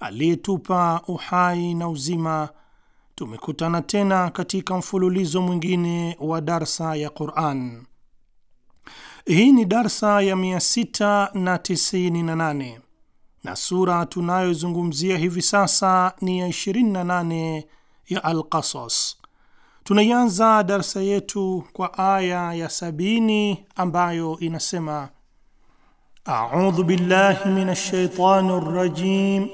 aliyetupa uhai na uzima, tumekutana tena katika mfululizo mwingine wa darsa ya Quran. Hii ni darsa ya 698 na, na sura tunayozungumzia hivi sasa ni ya 28 ya Alqasas. Tunaianza darsa yetu kwa aya ya sabini ambayo inasema: audhu billahi minash shaitani rajim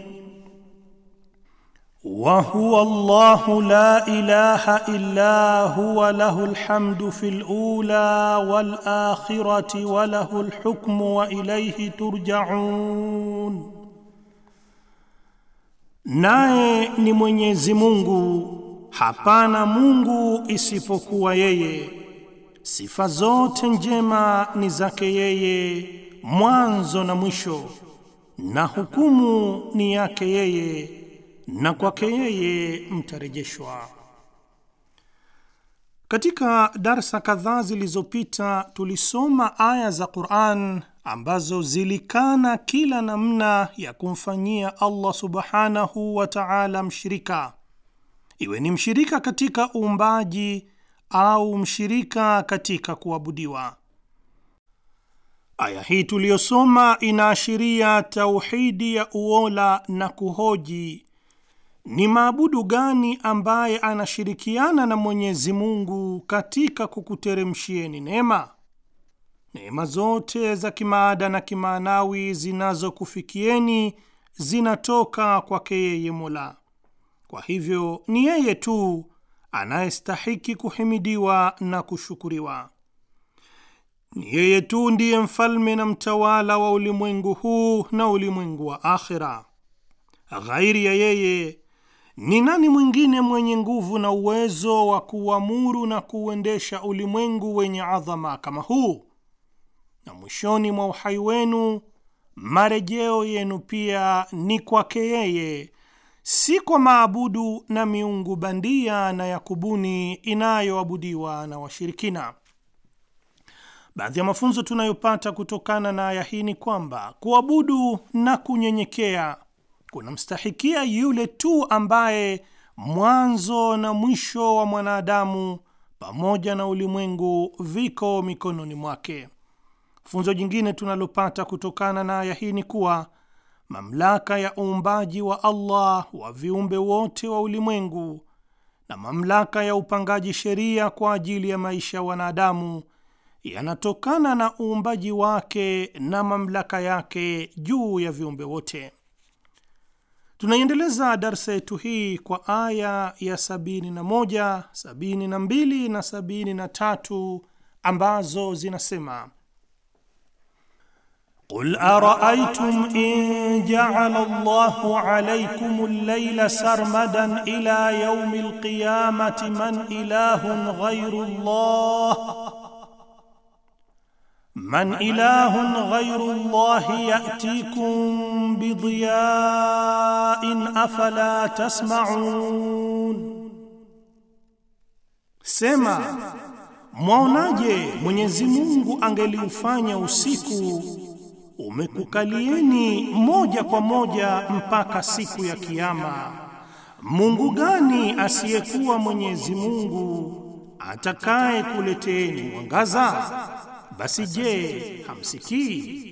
وهو الله لا اله الا هو له الحمد في الاولى والاخره وله الحكم واليه ترجعون naye ni mwenyezi mungu hapana mungu isipokuwa yeye sifa zote njema ni zake yeye mwanzo na mwisho na hukumu ni yake yeye na kwake yeye mtarejeshwa. Katika darsa kadhaa zilizopita tulisoma aya za Qur'an ambazo zilikana kila namna ya kumfanyia Allah Subhanahu wa Ta'ala mshirika, iwe ni mshirika katika uumbaji au mshirika katika kuabudiwa. Aya hii tuliyosoma inaashiria tauhidi ya uola na kuhoji ni maabudu gani ambaye anashirikiana na Mwenyezi Mungu katika kukuteremshieni neema? Neema zote za kimaada na kimaanawi zinazokufikieni zinatoka kwake yeye Mola. Kwa hivyo ni yeye tu anayestahiki kuhimidiwa na kushukuriwa. Ni yeye tu ndiye mfalme na mtawala wa ulimwengu huu na ulimwengu wa akhira. Ghairi ya yeye ni nani mwingine mwenye nguvu na uwezo wa kuuamuru na kuuendesha ulimwengu wenye adhama kama huu? Na mwishoni mwa uhai wenu marejeo yenu pia ni kwake yeye, si kwa maabudu na miungu bandia na ya kubuni inayoabudiwa na washirikina. Baadhi ya mafunzo tunayopata kutokana na aya hii ni kwamba kuabudu na kunyenyekea kunamstahikia yule tu ambaye mwanzo na mwisho wa mwanadamu pamoja na ulimwengu viko mikononi mwake. Funzo jingine tunalopata kutokana na aya hii ni kuwa mamlaka ya uumbaji wa Allah wa viumbe wote wa ulimwengu na mamlaka ya upangaji sheria kwa ajili ya maisha ya wanadamu yanatokana na uumbaji wake na mamlaka yake juu ya viumbe wote. Tunaiendeleza darsa yetu hii kwa aya ya 71, 72 na tatu ambazo zinasema: Qul araaytum in ja'ala Allahu alaykum al-layla sarmadan ila yawmi al-qiyamati man ilahun ghayru Allah man ilahun ghayru Allahi ya'tikum bidhiya'in afala tasma'un, sema mwaonaje Mwenyezi Mungu angeliufanya usiku umekukalieni moja kwa moja mpaka siku ya Kiyama. Mungu gani asiyekuwa Mwenyezi Mungu atakaye kuleteeni mwangaza? basi je hamsikii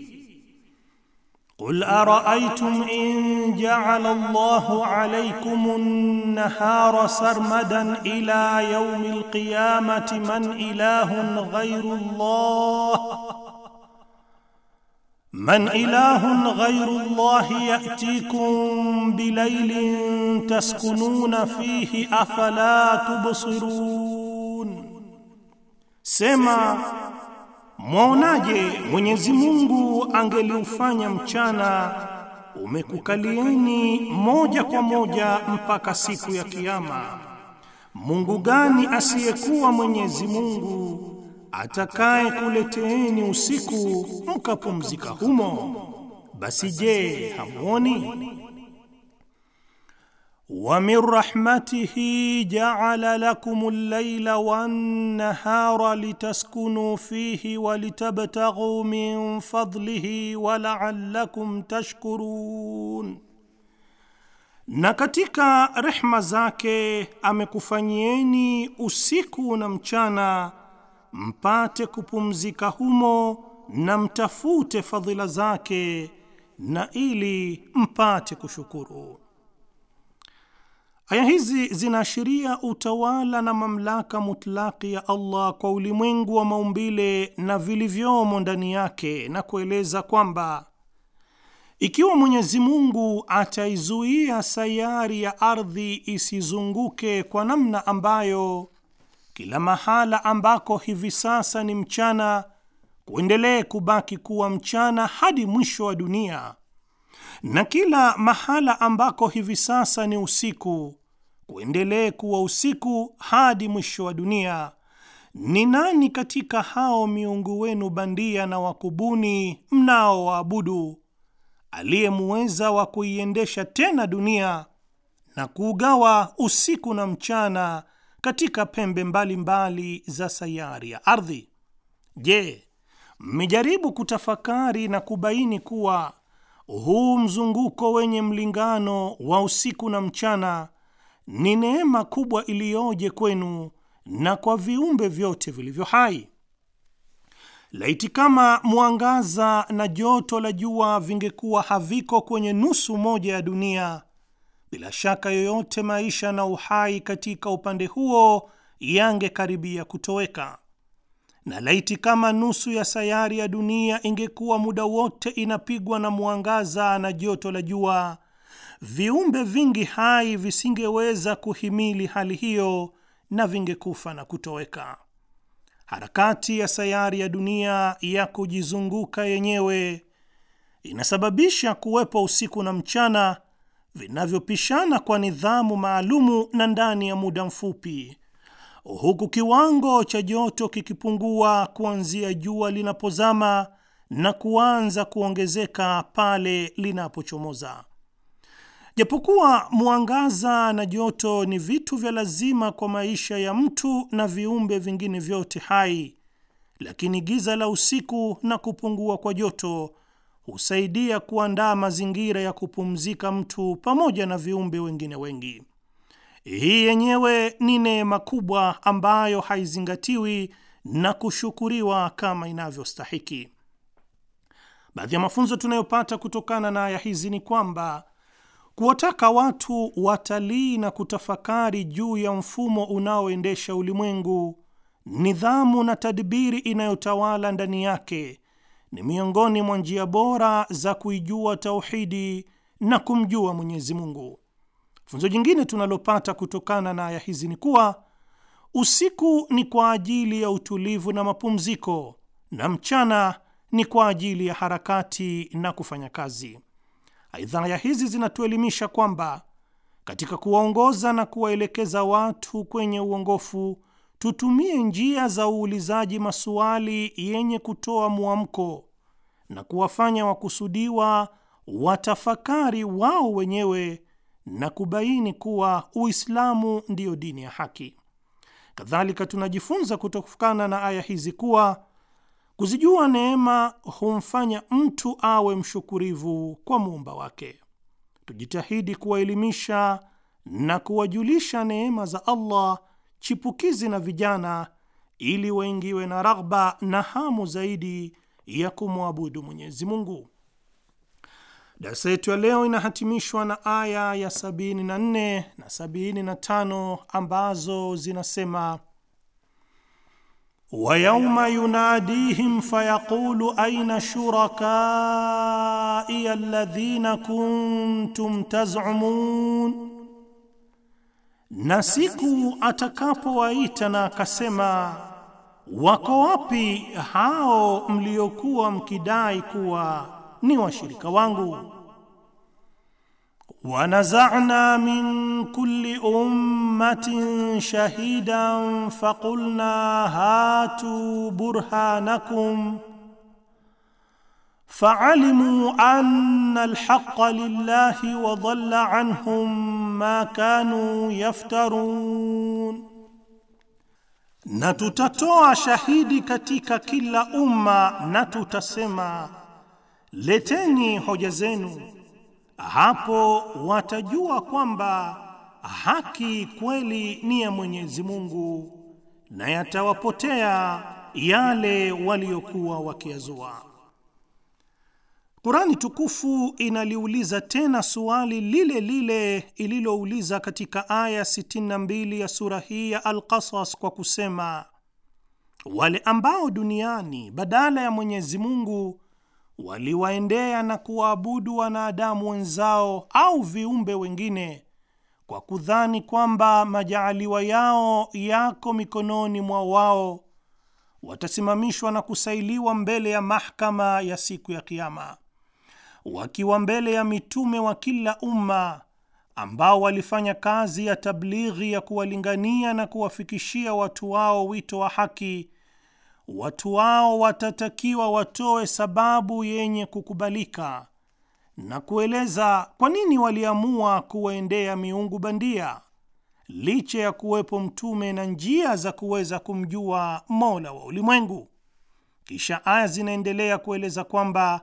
قل أرأيتم إن جعل الله عليكم النهار سرمدا إلى يوم القيامة من إله غير الله من إله غير الله يأتيكم بليل تسكنون فيه أفلا تبصرون سمع Mwaonaje Mwenyezi Mungu angeliufanya mchana umekukalieni moja kwa moja mpaka siku ya kiyama? Mungu gani asiyekuwa Mwenyezi Mungu atakaye kuleteeni usiku mkapumzika humo? Basi je, hamuoni? wa min rahmatihi jaala lakum al-laila wan-nahara litaskunu fihi wa litabtaghu min fadlihi wa la'allakum tashkurun, na katika rehma zake amekufanyieni usiku na mchana mpate kupumzika humo na mtafute fadhila zake na ili mpate kushukuru. Aya hizi zinaashiria utawala na mamlaka mutlaki ya Allah kwa ulimwengu wa maumbile na vilivyomo ndani yake, na kueleza kwamba ikiwa Mwenyezi Mungu ataizuia sayari ya ardhi isizunguke kwa namna ambayo kila mahala ambako hivi sasa ni mchana kuendelee kubaki kuwa mchana hadi mwisho wa dunia na kila mahala ambako hivi sasa ni usiku kuendelee kuwa usiku hadi mwisho wa dunia. Ni nani katika hao miungu wenu bandia na wakubuni mnaowaabudu aliyemuweza wa kuiendesha tena dunia na kuugawa usiku na mchana katika pembe mbalimbali mbali za sayari ya ardhi? Je, mmejaribu kutafakari na kubaini kuwa huu mzunguko wenye mlingano wa usiku na mchana ni neema kubwa iliyoje kwenu na kwa viumbe vyote vilivyo hai. Laiti kama mwangaza na joto la jua vingekuwa haviko kwenye nusu moja ya dunia, bila shaka yoyote maisha na uhai katika upande huo yangekaribia kutoweka na laiti kama nusu ya sayari ya dunia ingekuwa muda wote inapigwa na mwangaza na joto la jua, viumbe vingi hai visingeweza kuhimili hali hiyo na vingekufa na kutoweka. Harakati ya sayari ya dunia ya kujizunguka yenyewe inasababisha kuwepo usiku na mchana vinavyopishana kwa nidhamu maalumu na ndani ya muda mfupi huku kiwango cha joto kikipungua kuanzia jua linapozama na kuanza kuongezeka pale linapochomoza. Japokuwa mwangaza na joto ni vitu vya lazima kwa maisha ya mtu na viumbe vingine vyote hai, lakini giza la usiku na kupungua kwa joto husaidia kuandaa mazingira ya kupumzika mtu pamoja na viumbe wengine wengi. Hii yenyewe ni neema kubwa ambayo haizingatiwi na kushukuriwa kama inavyostahiki. Baadhi ya mafunzo tunayopata kutokana na aya hizi ni kwamba kuwataka watu watalii na kutafakari juu ya mfumo unaoendesha ulimwengu, nidhamu na tadbiri inayotawala ndani yake, ni miongoni mwa njia bora za kuijua tauhidi na kumjua Mwenyezi Mungu. Funzo jingine tunalopata kutokana na aya hizi ni kuwa usiku ni kwa ajili ya utulivu na mapumziko, na mchana ni kwa ajili ya harakati na kufanya kazi. Aidha, aya hizi zinatuelimisha kwamba katika kuwaongoza na kuwaelekeza watu kwenye uongofu, tutumie njia za uulizaji masuali yenye kutoa mwamko na kuwafanya wakusudiwa watafakari wao wenyewe na kubaini kuwa Uislamu ndiyo dini ya haki. Kadhalika tunajifunza kutokana na aya hizi kuwa kuzijua neema humfanya mtu awe mshukurivu kwa muumba wake. Tujitahidi kuwaelimisha na kuwajulisha neema za Allah chipukizi na vijana, ili waingiwe na raghba na hamu zaidi ya kumwabudu Mwenyezi Mungu. Darsa yetu ya leo inahatimishwa na aya ya 74 na 75 ambazo zinasema: wa yauma yunadihim fayaqulu aina shurakai alladhina kuntum tazumun, na siku atakapowaita na akasema wako wapi hao mliokuwa mkidai kuwa ni washirika wangu ونزعنا من كل أمة شهيدا فقلنا هاتوا برهانكم فعلموا أن الحق لله وضل عنهم ما كانوا يفترون na tutatoa shahidi katika kila umma na tutasema leteni hoja zenu, hapo watajua kwamba haki kweli ni ya Mwenyezi Mungu na yatawapotea yale waliokuwa wakiazua. Qurani tukufu inaliuliza tena suali lile lile ililouliza katika aya 62 ya sura hii ya Al-Qasas kwa kusema, wale ambao duniani badala ya Mwenyezi Mungu waliwaendea na kuwaabudu wanadamu wenzao au viumbe wengine kwa kudhani kwamba majaaliwa yao yako mikononi mwa wao watasimamishwa na kusailiwa mbele ya mahakama ya siku ya Kiama, wakiwa mbele ya mitume wa kila umma ambao walifanya kazi ya tablighi ya kuwalingania na kuwafikishia watu wao wito wa haki watu wao watatakiwa watoe sababu yenye kukubalika na kueleza kwa nini waliamua kuwaendea miungu bandia licha ya kuwepo mtume na njia za kuweza kumjua Mola wa ulimwengu. Kisha aya zinaendelea kueleza kwamba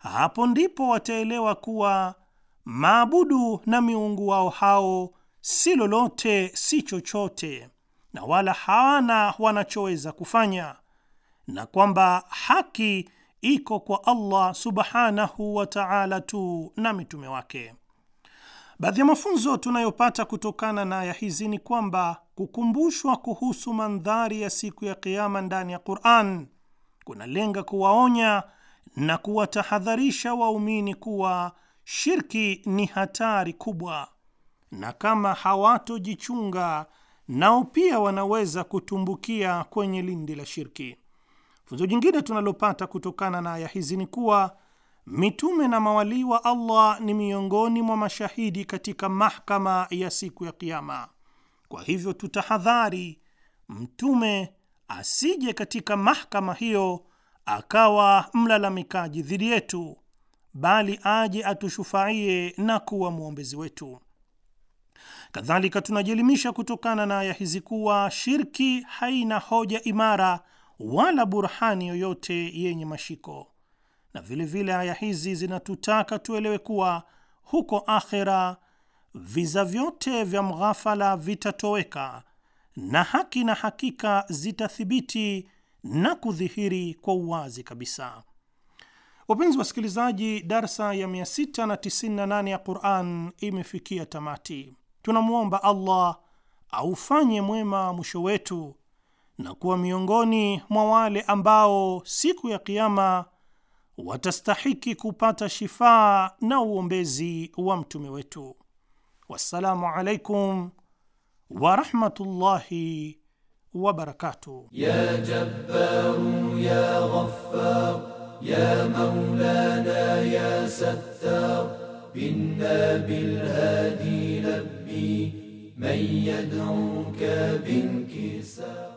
hapo ndipo wataelewa kuwa maabudu na miungu wao hao si lolote si chochote, na wala hawana wanachoweza kufanya na kwamba haki iko kwa Allah subhanahu wa ta'ala tu na mitume wake. Baadhi ya mafunzo tunayopata kutokana na aya hizi ni kwamba kukumbushwa kuhusu mandhari ya siku ya Kiyama ndani ya Qur'an kunalenga kuwaonya na kuwatahadharisha waumini kuwa shirki ni hatari kubwa, na kama hawatojichunga nao pia wanaweza kutumbukia kwenye lindi la shirki. Funzo jingine tunalopata kutokana na aya hizi ni kuwa mitume na mawalii wa Allah ni miongoni mwa mashahidi katika mahkama ya siku ya kiama Kwa hivyo, tutahadhari mtume asije katika mahkama hiyo akawa mlalamikaji dhidi yetu, bali aje atushufaie na kuwa mwombezi wetu. Kadhalika, tunajielimisha kutokana na aya hizi kuwa shirki haina hoja imara wala burhani yoyote yenye mashiko. Na vilevile aya hizi zinatutaka tuelewe kuwa huko akhera viza vyote vya mghafala vitatoweka na haki na hakika zitathibiti na kudhihiri kwa uwazi kabisa. Wapenzi wasikilizaji, darsa ya 698 ya Quran imefikia tamati. Tunamwomba Allah aufanye mwema mwisho wetu na kuwa miongoni mwa wale ambao siku ya Kiama watastahiki kupata shifaa na uombezi wa mtume wetu. Wassalamu alaikum warahmatullahi wabarakatuh. ya jabbaru ya ghaffar ya maulana ya sattar binna bilhadi labbi man yad'uka binkisar